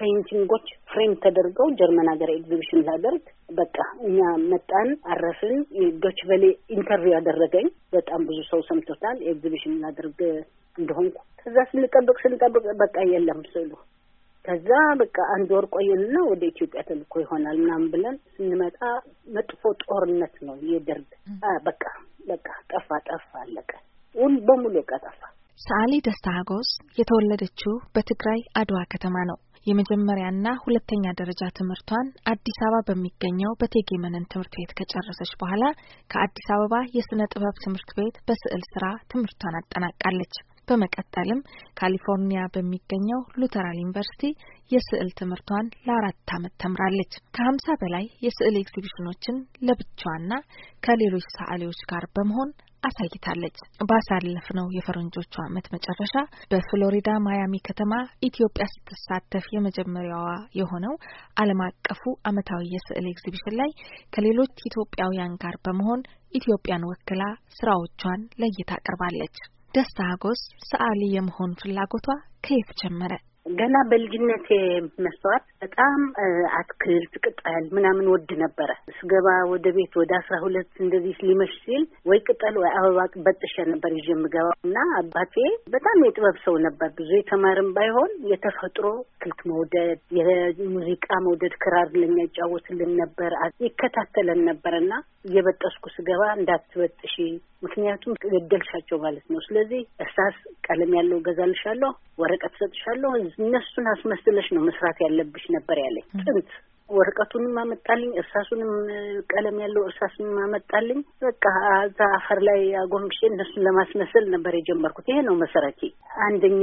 ፔይንቲንጎች ፍሬም ተደርገው ጀርመን ሀገር ኤግዚቢሽን ላደርግ በቃ እኛ መጣን አረፍን። ዶች ቬሌ ኢንተርቪው ያደረገኝ በጣም ብዙ ሰው ሰምቶታል። ኤግዚቢሽን ላደርግ እንደሆንኩ ከዛ ስንጠብቅ ስንጠብቅ በቃ የለም ስሉ ከዛ በቃ አንድ ወር ቆየንና ወደ ኢትዮጵያ ተልኮ ይሆናል ምናምን ብለን ስንመጣ መጥፎ ጦርነት ነው የደርግ በቃ በቃ ጠፋ ጠፋ አለቀ ሁሉ በሙሉ በቃ ጠፋ። ሰዓሊ ደስታ ሀጎስ የተወለደችው በትግራይ አድዋ ከተማ ነው። የመጀመሪያና ሁለተኛ ደረጃ ትምህርቷን አዲስ አበባ በሚገኘው በቴጌ መነን ትምህርት ቤት ከጨረሰች በኋላ ከአዲስ አበባ የስነ ጥበብ ትምህርት ቤት በስዕል ስራ ትምህርቷን አጠናቃለች። በመቀጠልም ካሊፎርኒያ በሚገኘው ሉተራል ዩኒቨርሲቲ የስዕል ትምህርቷን ለአራት ዓመት ተምራለች። ከሀምሳ በላይ የስዕል ኤግዚቢሽኖችን ለብቻዋና ከሌሎች ሰዓሊዎች ጋር በመሆን አሳይታለች። ባሳለፍነው የፈረንጆቹ ዓመት መጨረሻ በፍሎሪዳ ማያሚ ከተማ ኢትዮጵያ ስትሳተፍ የመጀመሪያዋ የሆነው ዓለም አቀፉ ዓመታዊ የስዕል ኤግዚቢሽን ላይ ከሌሎች ኢትዮጵያውያን ጋር በመሆን ኢትዮጵያን ወክላ ስራዎቿን ለእይታ አቅርባለች። ደስታ አጎስ ሰዓሊ የመሆን ፍላጎቷ ከየት ጀመረ? ገና በልጅነቴ መስተዋት በጣም አትክልት ቅጠል ምናምን ወድ ነበረ። ስገባ ወደ ቤት ወደ አስራ ሁለት እንደዚህ ሊመሽ ሲል ወይ ቅጠል ወይ አበባ በጥሸ ነበር ይዤ የምገባው እና አባቴ በጣም የጥበብ ሰው ነበር። ብዙ የተማርም ባይሆን የተፈጥሮ ክልት መውደድ፣ የሙዚቃ መውደድ፣ ክራር ለኛ ይጫወትልን ነበር፣ ይከታተለን ነበር እና እየበጠስኩ ስገባ እንዳትበጥሺ ምክንያቱም ገደልሻቸው ማለት ነው። ስለዚህ እርሳስ ቀለም ያለው ገዛልሻለሁ፣ ወረቀት ሰጥሻለሁ፣ እነሱን አስመስለሽ ነው መስራት ያለብሽ ነበር ያለኝ ጥንት። ወረቀቱንም አመጣልኝ፣ እርሳሱንም ቀለም ያለው እርሳሱንም አመጣልኝ። በቃ እዛ አፈር ላይ አጎንብሼ እነሱን ለማስመሰል ነበር የጀመርኩት። ይሄ ነው መሰረቴ። አንደኛ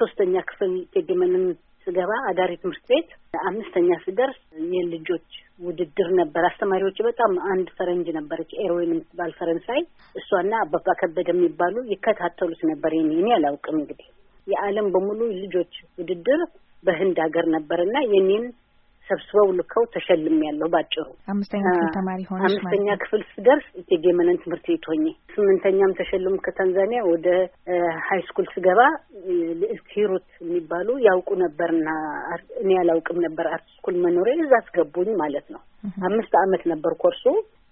ሶስተኛ ክፍል ቴግመንም ስገባ አዳሪ ትምህርት ቤት አምስተኛ ስደርስ የልጆች ውድድር ነበር። አስተማሪዎች በጣም አንድ ፈረንጅ ነበረች ኤርዌን የምትባል ፈረንሳይ፣ እሷና አባባ ከበደ የሚባሉ ይከታተሉት ነበር። የኔ እኔ አላውቅም እንግዲህ የዓለም በሙሉ ልጆች ውድድር በህንድ ሀገር ነበር እና የኔን ሰብስበው ልከው ተሸልም ያለው ባጭሩ። አምስተኛ ክፍል ተማሪ ሆነ። አምስተኛ ክፍል ስደርስ እቴጌ መነን ትምህርት ቤት ሆኜ ስምንተኛም ተሸልም ከታንዛኒያ ወደ ሀይ ስኩል ስገባ ሂሩት የሚባሉ ያውቁ ነበርና እኔ ያላውቅም ነበር አርት ስኩል መኖሬ እዛ አስገቡኝ ማለት ነው። አምስት አመት ነበር ኮርሱ።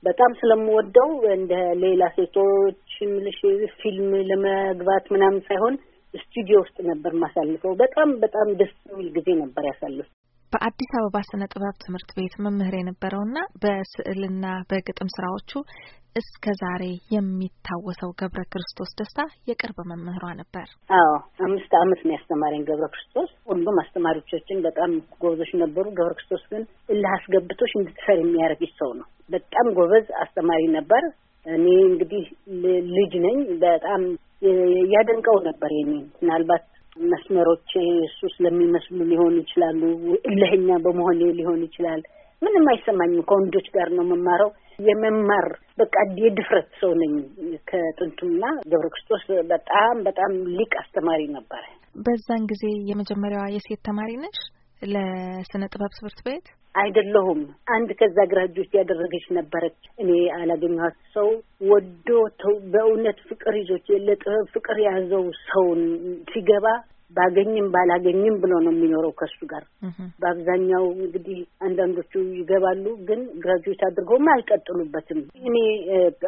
በጣም ስለምወደው እንደ ሌላ ሴቶች ምልሽ ፊልም ለመግባት ምናምን ሳይሆን ስቱዲዮ ውስጥ ነበር ማሳልፈው። በጣም በጣም ደስ የሚል ጊዜ ነበር ያሳልፍ በአዲስ አበባ ስነ ጥበብ ትምህርት ቤት መምህር የነበረውና በስዕልና በግጥም ስራዎቹ እስከ ዛሬ የሚታወሰው ገብረ ክርስቶስ ደስታ የቅርብ መምህሯ ነበር። አዎ አምስት ዓመት ነው ያስተማረኝ ገብረ ክርስቶስ። ሁሉም አስተማሪዎቻችን በጣም ጎበዞች ነበሩ። ገብረ ክርስቶስ ግን እልህ አስገብቶች እንድትፈር የሚያደርግ ሰው ነው። በጣም ጎበዝ አስተማሪ ነበር። እኔ እንግዲህ ልጅ ነኝ። በጣም ያደንቀው ነበር የኔ ምናልባት መስመሮች እሱ ስለሚመስሉ ሊሆን ይችላሉ። እልህኛ በመሆኔ ሊሆን ይችላል። ምንም አይሰማኝም። ከወንዶች ጋር ነው የምማረው። የመማር በቃ የድፍረት ሰው ነኝ። ከጥንቱና ገብረ ክርስቶስ በጣም በጣም ሊቅ አስተማሪ ነበረ። በዛን ጊዜ የመጀመሪያዋ የሴት ተማሪ ነሽ? ለስነ ጥበብ ትምህርት ቤት አይደለሁም። አንድ ከዛ ግራጆች ያደረገች ነበረች። እኔ አላገኘኋት። ሰው ወዶ በእውነት ፍቅር ይዞች ለጥበብ ጥበብ ፍቅር ያዘው ሰውን ሲገባ ባገኝም ባላገኝም ብሎ ነው የሚኖረው ከሱ ጋር። በአብዛኛው እንግዲህ አንዳንዶቹ ይገባሉ፣ ግን ግራጁዌት አድርገውም አይቀጥሉበትም። እኔ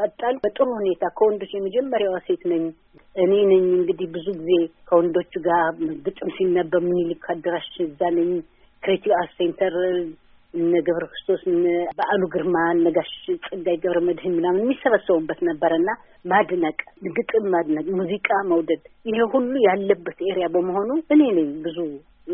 ቀጠል በጥሩ ሁኔታ ከወንዶች የመጀመሪያዋ ሴት ነኝ። እኔ ነኝ እንግዲህ ብዙ ጊዜ ከወንዶቹ ጋር ግጥም ሲነበብ ምኒልክ አዳራሽ እዛ ነኝ። ክሬቲቭ አርት ሴንተር እነ ገብረ ክርስቶስ እነ በዓሉ ግርማ እነ ጋሽ ጸጋይ ገብረ መድህን ምናምን የሚሰበሰቡበት ነበረና ማድነቅ፣ ግጥም ማድነቅ፣ ሙዚቃ መውደድ ይሄ ሁሉ ያለበት ኤሪያ በመሆኑ እኔ ነኝ ብዙ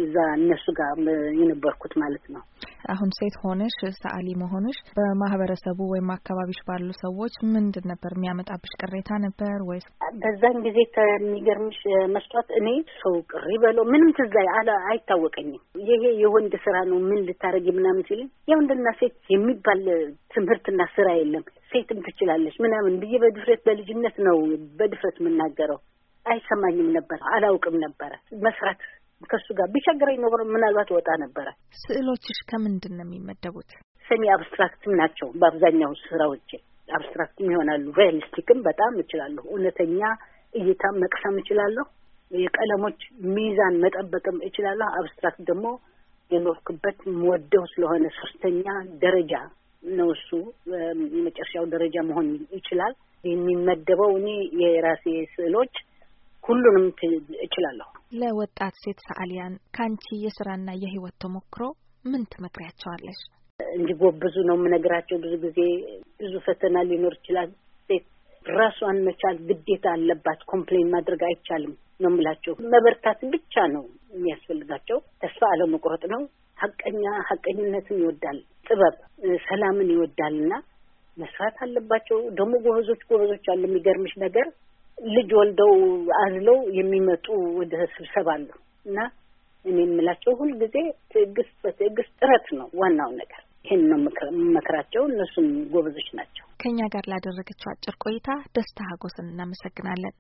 እዛ እነሱ ጋር የነበርኩት ማለት ነው። አሁን ሴት ሆነሽ ሰዓሊ መሆንሽ በማህበረሰቡ ወይም አካባቢሽ ባሉ ሰዎች ምንድን ነበር የሚያመጣብሽ? ቅሬታ ነበር ወይስ? በዛን ጊዜ ከሚገርምሽ መስጧት እኔ ሰው ቅሪ በለው ምንም ትዝ አይታወቀኝም። ይሄ የወንድ ስራ ነው ምን ልታደረግ ምናምን ሲል የወንድና ሴት የሚባል ትምህርትና ስራ የለም ሴትም ትችላለች ምናምን ብዬ በድፍረት በልጅነት ነው በድፍረት የምናገረው። አይሰማኝም ነበር፣ አላውቅም ነበረ መስራት ከሱ ጋር ቢቸግረኝ ኖሮ ምናልባት ወጣ ነበረ። ስዕሎችሽ ከምንድን ነው የሚመደቡት? ሰሚ አብስትራክትም ናቸው በአብዛኛው ስራዎቼ። አብስትራክትም ይሆናሉ፣ ሪያሊስቲክም በጣም እችላለሁ። እውነተኛ እይታ መቅሰም እችላለሁ። የቀለሞች ሚዛን መጠበቅም እችላለሁ። አብስትራክት ደግሞ የኖርክበት ወደው ስለሆነ ሶስተኛ ደረጃ ነው እሱ። የመጨረሻው ደረጃ መሆን ይችላል የሚመደበው። እኔ የራሴ ስዕሎች ሁሉንም እችላለሁ። ለወጣት ሴት ሰዓሊያን ከአንቺ የስራና የህይወት ተሞክሮ ምን ትመክሪያቸዋለሽ? እንዲጎብዙ ነው የምነግራቸው። ብዙ ጊዜ ብዙ ፈተና ሊኖር ይችላል። ሴት ራሷን መቻል ግዴታ አለባት። ኮምፕሌን ማድረግ አይቻልም ነው የምላቸው። መበርታት ብቻ ነው የሚያስፈልጋቸው። ተስፋ አለመቁረጥ ነው። ሀቀኛ ሀቀኝነትን ይወዳል ጥበብ፣ ሰላምን ይወዳል እና መስራት አለባቸው። ደግሞ ጎበዞች ጎበዞች አለ የሚገርምሽ ነገር ልጅ ወልደው አዝለው የሚመጡ ወደ ስብሰባ አለ እና እኔ የምላቸው ሁልጊዜ ትዕግስት በትዕግስት ጥረት ነው ዋናው ነገር። ይህን ነው መክራቸው። እነሱም ጎበዞች ናቸው። ከእኛ ጋር ላደረገችው አጭር ቆይታ ደስታ ሀጎስን እናመሰግናለን።